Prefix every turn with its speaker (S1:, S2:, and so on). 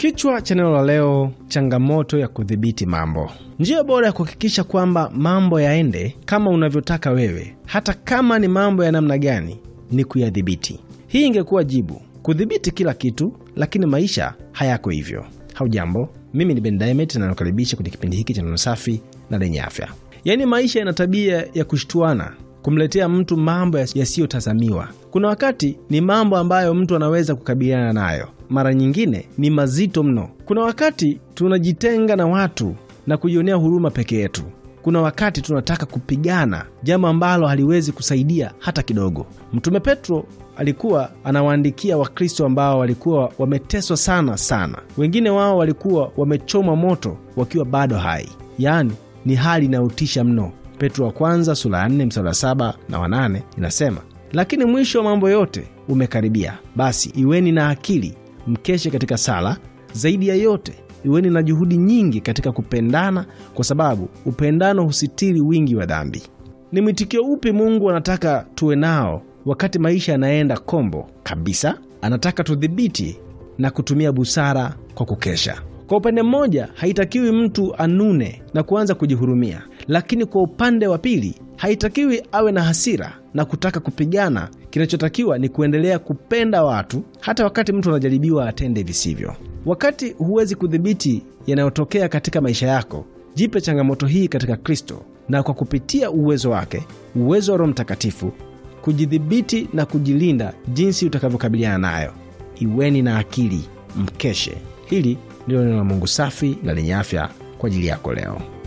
S1: Kichwa cha neno la leo: changamoto ya kudhibiti mambo. Njia bora ya kuhakikisha kwamba mambo yaende kama unavyotaka wewe, hata kama ni mambo ya namna gani, ni kuyadhibiti. Hii ingekuwa jibu, kudhibiti kila kitu, lakini maisha hayako hivyo. Haujambo, mimi ni Ben Diamond na nakaribisha kwenye kipindi hiki cha neno safi na lenye afya. Yaani, maisha yana tabia ya kushtuana kumletea mtu mambo yasiyotazamiwa. Kuna wakati ni mambo ambayo mtu anaweza kukabiliana nayo mara nyingine ni mazito mno. Kuna wakati tunajitenga na watu na kujionea huruma peke yetu. Kuna wakati tunataka kupigana jambo ambalo haliwezi kusaidia hata kidogo. Mtume Petro alikuwa anawaandikia Wakristo ambao walikuwa wameteswa sana sana, wengine wao walikuwa wamechomwa moto wakiwa bado hai, yaani ni hali inayotisha mno. Petro wa kwanza sura ya 4 mstari wa 7 na wa 8 inasema, lakini mwisho wa mambo yote umekaribia, basi iweni na akili mkeshe katika sala. Zaidi ya yote, iweni na juhudi nyingi katika kupendana, kwa sababu upendano husitiri wingi wa dhambi. Ni mwitikio upi Mungu anataka tuwe nao wakati maisha yanaenda kombo kabisa? Anataka tudhibiti na kutumia busara kwa kukesha. Kwa upande mmoja, haitakiwi mtu anune na kuanza kujihurumia, lakini kwa upande wa pili haitakiwi awe na hasira na kutaka kupigana. Kinachotakiwa ni kuendelea kupenda watu hata wakati mtu anajaribiwa atende visivyo. Wakati huwezi kudhibiti yanayotokea katika maisha yako, jipe changamoto hii katika Kristo, na kwa kupitia uwezo wake, uwezo wa Roho Mtakatifu, kujidhibiti na kujilinda jinsi utakavyokabiliana nayo. Iweni na akili, mkeshe. Hili ndilo neno la Mungu safi na lenye afya kwa ajili yako leo.